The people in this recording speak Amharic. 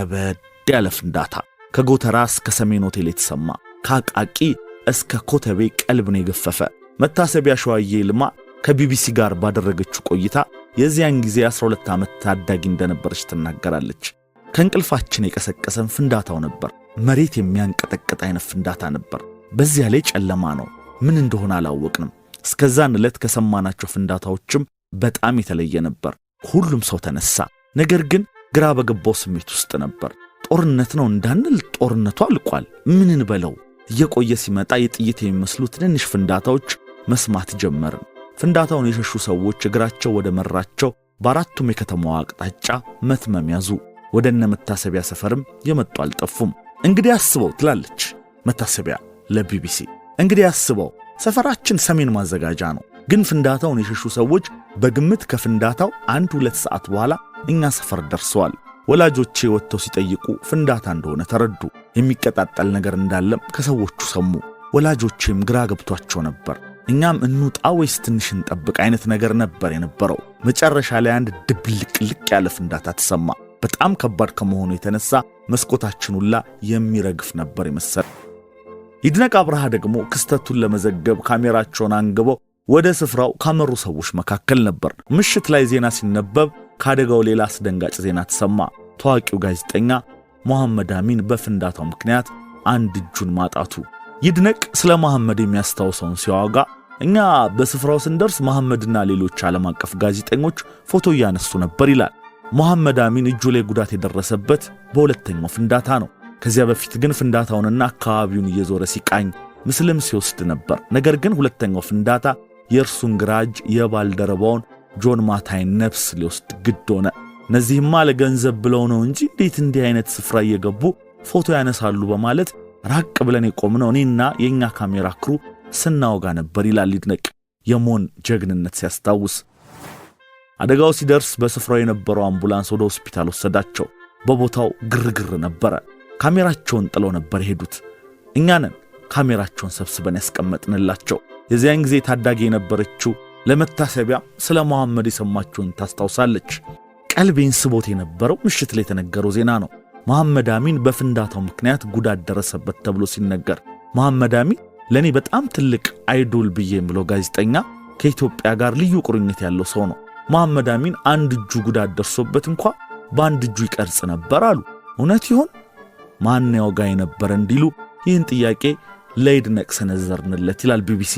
ከበድ ያለ ፍንዳታ ከጎተራ እስከ ሰሜን ሆቴል የተሰማ ከአቃቂ እስከ ኮተቤ ቀልብን የገፈፈ መታሰቢያ ሸዋዬ ልማ ከቢቢሲ ጋር ባደረገችው ቆይታ የዚያን ጊዜ 12 ዓመት ታዳጊ እንደነበረች ትናገራለች። ከእንቅልፋችን የቀሰቀሰን ፍንዳታው ነበር። መሬት የሚያንቀጠቅጥ አይነት ፍንዳታ ነበር። በዚያ ላይ ጨለማ ነው። ምን እንደሆነ አላወቅንም። እስከዛን ዕለት ከሰማናቸው ፍንዳታዎችም በጣም የተለየ ነበር። ሁሉም ሰው ተነሳ። ነገር ግን ግራ በገባው ስሜት ውስጥ ነበር። ጦርነት ነው እንዳንል ጦርነቱ አልቋል። ምንን በለው እየቆየ ሲመጣ የጥይት የሚመስሉ ትንንሽ ፍንዳታዎች መስማት ጀመርን። ፍንዳታውን የሸሹ ሰዎች እግራቸው ወደ መራቸው በአራቱም የከተማዋ አቅጣጫ መትመም ያዙ። ወደ እነ መታሰቢያ ሰፈርም የመጡ አልጠፉም። እንግዲህ አስበው ትላለች መታሰቢያ ለቢቢሲ። እንግዲህ አስበው ሰፈራችን ሰሜን ማዘጋጃ ነው፣ ግን ፍንዳታውን የሸሹ ሰዎች በግምት ከፍንዳታው አንድ ሁለት ሰዓት በኋላ እኛ ሰፈር ደርሰዋል። ወላጆቼ ወጥተው ሲጠይቁ ፍንዳታ እንደሆነ ተረዱ። የሚቀጣጠል ነገር እንዳለም ከሰዎቹ ሰሙ። ወላጆቼም ግራ ገብቷቸው ነበር። እኛም እንውጣ ወይስ ትንሽ እንጠብቅ አይነት ነገር ነበር የነበረው። መጨረሻ ላይ አንድ ድብልቅልቅ ያለ ፍንዳታ ተሰማ። በጣም ከባድ ከመሆኑ የተነሳ መስኮታችን ሁላ የሚረግፍ ነበር የመሰለ። ይድነቅ አብርሃ ደግሞ ክስተቱን ለመዘገብ ካሜራቸውን አንግበው ወደ ስፍራው ካመሩ ሰዎች መካከል ነበር። ምሽት ላይ ዜና ሲነበብ ከአደጋው ሌላ አስደንጋጭ ዜና ተሰማ። ታዋቂው ጋዜጠኛ መሐመድ አሚን በፍንዳታው ምክንያት አንድ እጁን ማጣቱ ይድነቅ ስለ መሐመድ የሚያስታውሰውን ሲያወጋ እኛ በስፍራው ስንደርስ መሐመድና ሌሎች ዓለም አቀፍ ጋዜጠኞች ፎቶ እያነሱ ነበር ይላል። መሐመድ አሚን እጁ ላይ ጉዳት የደረሰበት በሁለተኛው ፍንዳታ ነው። ከዚያ በፊት ግን ፍንዳታውንና አካባቢውን እየዞረ ሲቃኝ ምስልም ሲወስድ ነበር። ነገር ግን ሁለተኛው ፍንዳታ የእርሱን ግራ እጅ የባልደረባውን ጆን ማታይን ነፍስ ሊወስድ ግድ ሆነ። እነዚህማ ለገንዘብ ብለው ነው እንጂ እንዴት እንዲህ አይነት ስፍራ እየገቡ ፎቶ ያነሳሉ በማለት ራቅ ብለን የቆምነው እኔና የእኛ ካሜራ ክሩ ስናወጋ ነበር ይላል ይድነቅ የሞን ጀግንነት ሲያስታውስ። አደጋው ሲደርስ በስፍራው የነበረው አምቡላንስ ወደ ሆስፒታል ወሰዳቸው። በቦታው ግርግር ነበረ። ካሜራቸውን ጥለው ነበር የሄዱት። እኛንን ካሜራቸውን ሰብስበን ያስቀመጥንላቸው። የዚያን ጊዜ ታዳጊ የነበረችው ለመታሰቢያ ስለ መሐመድ የሰማችውን ታስታውሳለች። ቀልቤን ስቦት የነበረው ምሽት ላይ የተነገረው ዜና ነው። መሐመድ አሚን በፍንዳታው ምክንያት ጉዳት ደረሰበት ተብሎ ሲነገር መሐመድ አሚን ለእኔ በጣም ትልቅ አይዶል ብዬ የምለው ጋዜጠኛ ከኢትዮጵያ ጋር ልዩ ቁርኝት ያለው ሰው ነው። መሐመድ አሚን አንድ እጁ ጉዳት ደርሶበት እንኳ በአንድ እጁ ይቀርጽ ነበር አሉ። እውነት ይሆን? ማን ጋ የነበረ እንዲሉ ይህን ጥያቄ ለይድነቅ ሰነዘርንለት ይላል ቢቢሲ።